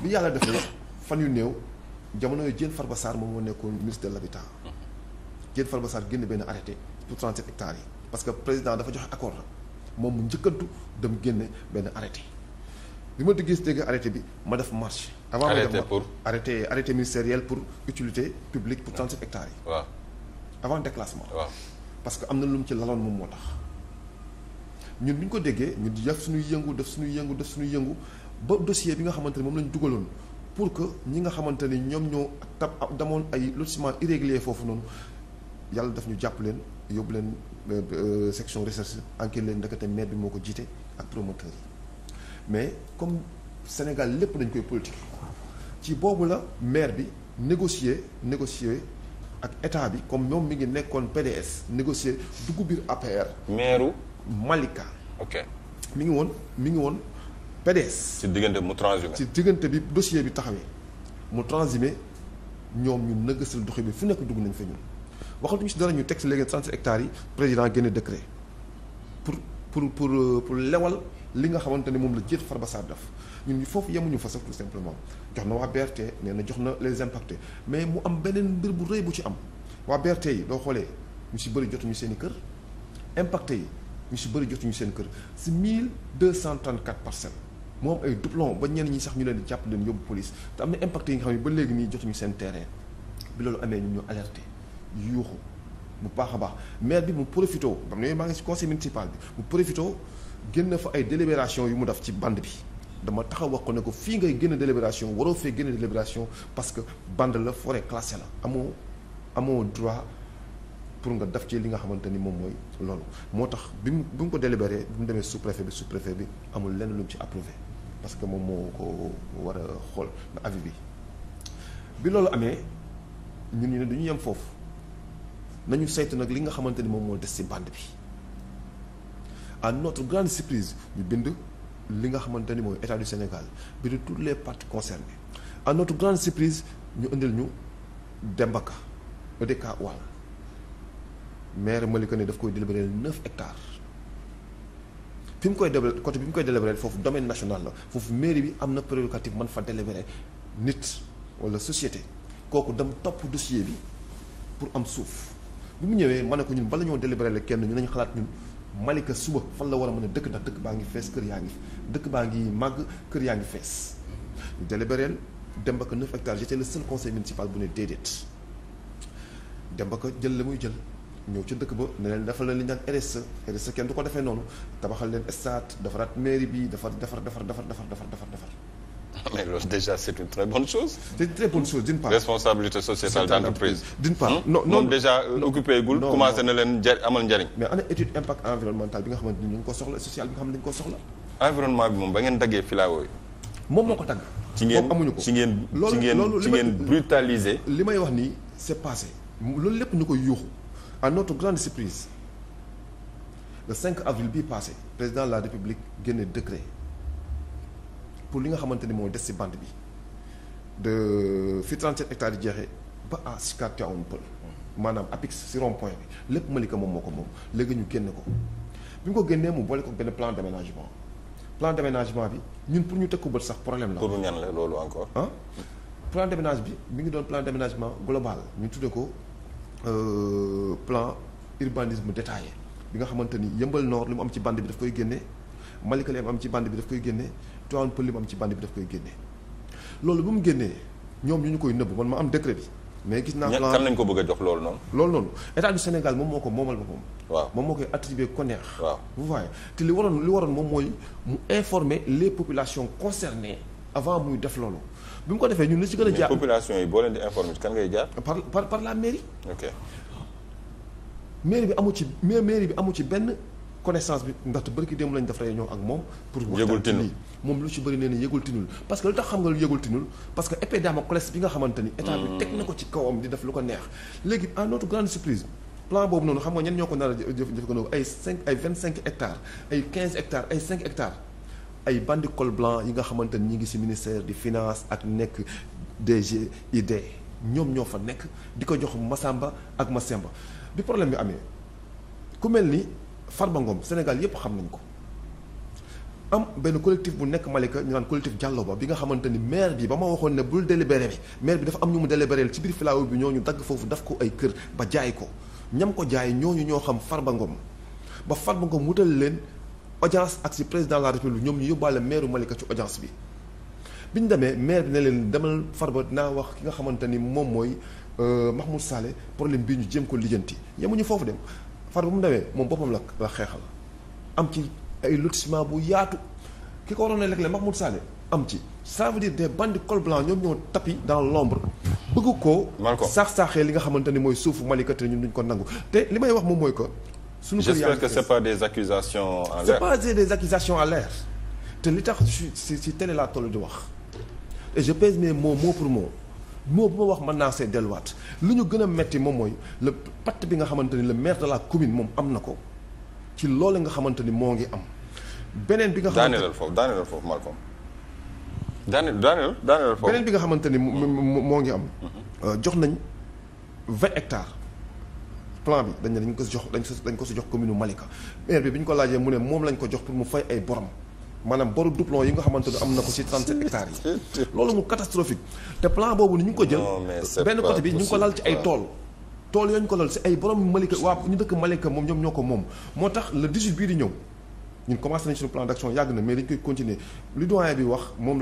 bi yàlla def na fan yu néew jamono yu Diène Farba Sarr moom moo nekkoon ministre de l'habitat Diène Farba Sarr génn benn arrêté pour 37 hectares yi parce que président dafa joxe accord moom mu njëkkantu dem génne benn arrêté bi ma gis dégg arrêté bi ma def marché avant ma def pour arrêté arrêté ministériel pour utilité publique pour 37 hectares yi. waaw avant déclassement. waaw parce que am na lu mu ci laloon moom moo tax ñun bi ñu ko déggee ñu def suñuy yëngu def suñuy yëngu def suñuy yëngu. ba dossier bi nga xamante ne moom la ñu dugaloon pour que ñi nga xamante ni ñoom ñoo tab damoon ay lotissement irrégulier foofu noonu yàlla daf ñu jàpp leen yóbbu leen euh, euh, section recherche enquête leen ndekete maire bi moo ko jiite ak promoteur yi mais comme Sénégal lépp dañ koy politique ci boobu la maire bi négocier négocier ak état bi comme moom mi ngi nekkoon PDS négocier dugg biir APR. maireu Malika. ok mi ngi woon mi ngi woon. PDS. ci diggante mu transhumé. ci diggante bi dossier bi taxawee mu transhumé ñoom ñu nëgësal doxi bi fu nekk dugg nañ fa ñun waxatuñu si dara ñu teg si léegi 30 hectares yi président génne décret pour pour pour euh, pour lewal li nga xamante ni moom la jiit Farba Sarr def ñun foofu yemuñu fa sax tout simplement jox na waa BRT nee jox na les impactés mais mu am beneen mbir bu rëy bu ci am waa berte yi doo xoolee ñu si bëri jotuñu seen i kër impacté yi ñu si jotuñu seen kër si 1234 parcelles. moom ay doublon ba ñeen ñi sax ñu leen di jàpp leen yóbbu police te am na impact yi nga xam ne ba léegi nii jotuñu seen terrain bi loolu amee ñun ñu alerté yuuxu bu baax a baax maire bi mu profité ba mu ne maa ngi ci conseil municipal bi mu profité génn fa ay délibération yu mu def ci bande bi dama taxaw wax ko ne ko fii ngay génn délibération waroo fee génn délibération parce que bande la forêt classée la amoo amoo droit pour nga def ci li nga xamante ni moom mooy loolu moo tax bi mu bi mu ko délibéré bi mu demee sous préfet bi sous bi amul lenn lu ci approuvé parce que moom moo ko war a xool avis bi bi loolu amee ñun ñu ne duñu yem foofu nañu saytu nag li nga xamante ni moom moo des ci bande bi à notre grande surprise ñu bind li nga xamante ni mooy état du Sénégal bi de toutes les parties concernées à notre grande surprise ñu indil ñu Demba Ka EDK Wal maire Malika ne daf koy délibéré neuf hectares fi mu koy délibéré côté bi mu koy délibéré foofu domaine national la foofu mairie bi am na prérogative man fa délibéré nit wala société kooku dem topp dossier bi pour am suuf bi mu ñëwee ma ne ko ñun bala ñoo délibéré la kenn ñu nañu xalaat ñun Malika suba fan la war a mën a dëkk ndax dëkk baa ngi fees kër yaa ngi dëkk baa ngi màgg kër yaa ngi fees ñu délibéré Demba Ka 9 hectares j'étais le seul conseil municipal bu ne déedéet Demba Ka jël la muy jël. ñëw ci dëkk ba ne leen defal leen li ñu kenn du ko defee noonu tabaxal leen stade defaraat mairie bi defar defar defar defar defar defar defar defar mais loolu déjà c'est une très bonne chose. c'est une très bonne chose d'une part. responsabilité sociétale d'entreprise. d'une part hmm? non non euh, leen jar amal njariñ. mais a étude impact environnemental bi nga xamante ni ñu ngi ko soxla social bi nga xam ne dañu ko soxla. environnement bi moom ba ngeen daggee filaawo yi. moom moo ko tagg. ngeen ci ngeen ci ngeen ci ngeen li may wax nii c'est passé loolu lépp ñu koy yuuxu. à notre grande surprise le 5 avril bii passé président la république génne décret pour li nga xamante ni moo des ci bande bi de fi 37 hectares yi jeexee ba à Sicap Tivaouane Peulh maanaam apix ci rond-point bi lépp Malika moom moo ko moom léegi ñu génne ko bi ñu ko génnee mu boole ko benn plan d'aménagement plan d'aménagement bi ñun pour ñu teg ko bët sax problème la. pour ñan la loolu encore. ah plan d'aménagement bi mi ngi doon plan d'aménagement global ñu tuddee ko. Euh, plan urbanisme détaillé bi nga xamante ni yëmbal nord li mu am ci bande bi daf koy génne Malika am ci bande bi daf koy génne Tivaouane Peulh li mu am ci bande bi daf koy génne loolu bu mu génnee ñoom ñu ñu koy nëbb man ma am décret bi mais gis naa plan kan lañ ko bëgg a jox loolu noonu loolu noonu état du Sénégal moom moo ko moomal boppam waaw moom moo koy attribuer ko neex waaw vous voyez te li waroon li waroon moom mooy mu informer les populations concernées avant muy def loolu bi mu ko defee ñun li ci gën a jàpp yi boo leen di informer kan jaar. par par par la mairie. mairie bi amu ci mairie bi amu ci benn connaissance bi ndaxte bërki démb lañ def réunion ak moom. pour waxtaan lii moom lu ci bëri nee na yëgul tinul parce que lu tax xam nga lu yëgul tinul parce que épée Damoclès bi nga xamante ni. état bi hmm. teg na ko ci kawam di def lu ko neex. léegi à notre grande surprise. plan boobu noonu xam nga ñen ñoo ko nar a jëf jëf ay 5 ay 25 hectares ay 15 hectares ay 5 hectares. ay bandi col blanc yi nga xamante ni ñi ngi ci ministère di finance ak nekk DGID ñoom ñoo fa nekk di ko jox Masamba ak Masamba bi problème bi amee ku mel ni Farba Ngom Sénégal yépp xam nañ ko am benn collectif bu nekk Malika ñu naan collectif Diallo ba bi nga xamante ni maire bi ba ma waxoon ne bul délibéré bi maire bi dafa am ñu mu délibéré ci biir filaawu bi ñu dagg foofu daf ko ay kër ba jaay ko ñam ko jaay ñooñu ñoo xam Farba Ngom ba Farba Ngom wutal leen audience ak si président de la république ñoom ñu yóbbaale maire Malika ci audience bi bi ñu demee maire bi ne leen demal far ba naa wax ki nga xamante ni moom mooy euh, Mahmoud Saleh problème bii ñu jéem ko lijjanti yemuñu foofu dem farba mu demee moom boppam la la xeexal am ci ay lotissement bu yaatu ki ko waroon a lekk Mahmoud Saleh am ci ça veut dire des bandits col blanc ñoom ñoo tapis dans l'ombre bëgg ko saax-saaxee li nga xamante ni mooy suufu Malika te ñun duñ te li may wax moom mooy que suñu kër j'espère que c'est pas des accusations en c'est pas des accusations en l'air te li tax si si télé laa toll di wax et je pèse mes mots mot pour mot mot bu ma wax mën naa see delluwaat lu ñu gën a metti moom mooy le pacte bi nga xamante ni le maire de la commune moom am na ko ci loolu nga xamante ni moo ngi am beneen bi nga xamante daanelal foofu daanelal foofu Malcolm daanel daanel daanelal foofu beneen bi nga xamante ni moo ngi am mhm. euh, jox nañ vingt hectares plan bi dañ ne dañ ko si jox dañ ko si jox commune Malika maire bi bi ñu ko laajee mu ne moom lañ ko jox pour mu fay ay borom maanaam boru doublon yi nga xamante ne am na ko si 37 hectares yi loolu mu catastrophique te plan boobu ni ñu ko jël benn côté bi ñu ko lal ci ay tool tool yooñu ko lal si ay borom Malika waa ñu dëkk Malika moom ñoom ñoo ko moom moo tax le 18 bii di ñëw ñun commencé nañ suñu plan d' yàgg na mais dañ koy continuer lu doyen bi wax moom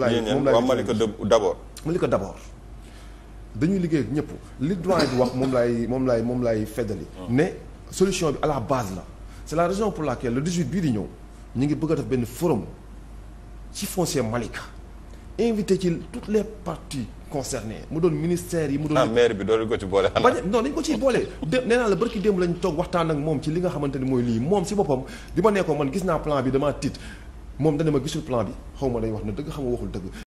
dañuy liggéey ak ñëpp li droit bi wax moom laay moom laay moom laay feddali ah. ne solution bi à la base la c'est la raison pour laquelle le 18 bii di ñëw ñu ngi bëgg a def benn forum ci foncier Malika invité ci toutes les parties concernées mu doon ministère yi mu doon. ah maire bi doon ko ci boole. xanaa non dañ ko ciy boole. nee naa la barki démb lañ toog waxtaan ak moom ci li nga xamante ni mooy lii moom si boppam di ma nekkoon man gis naa plan bi damaa tiit moom dana ma gisul plan bi xaw ma day wax na dëgg xam dëgg.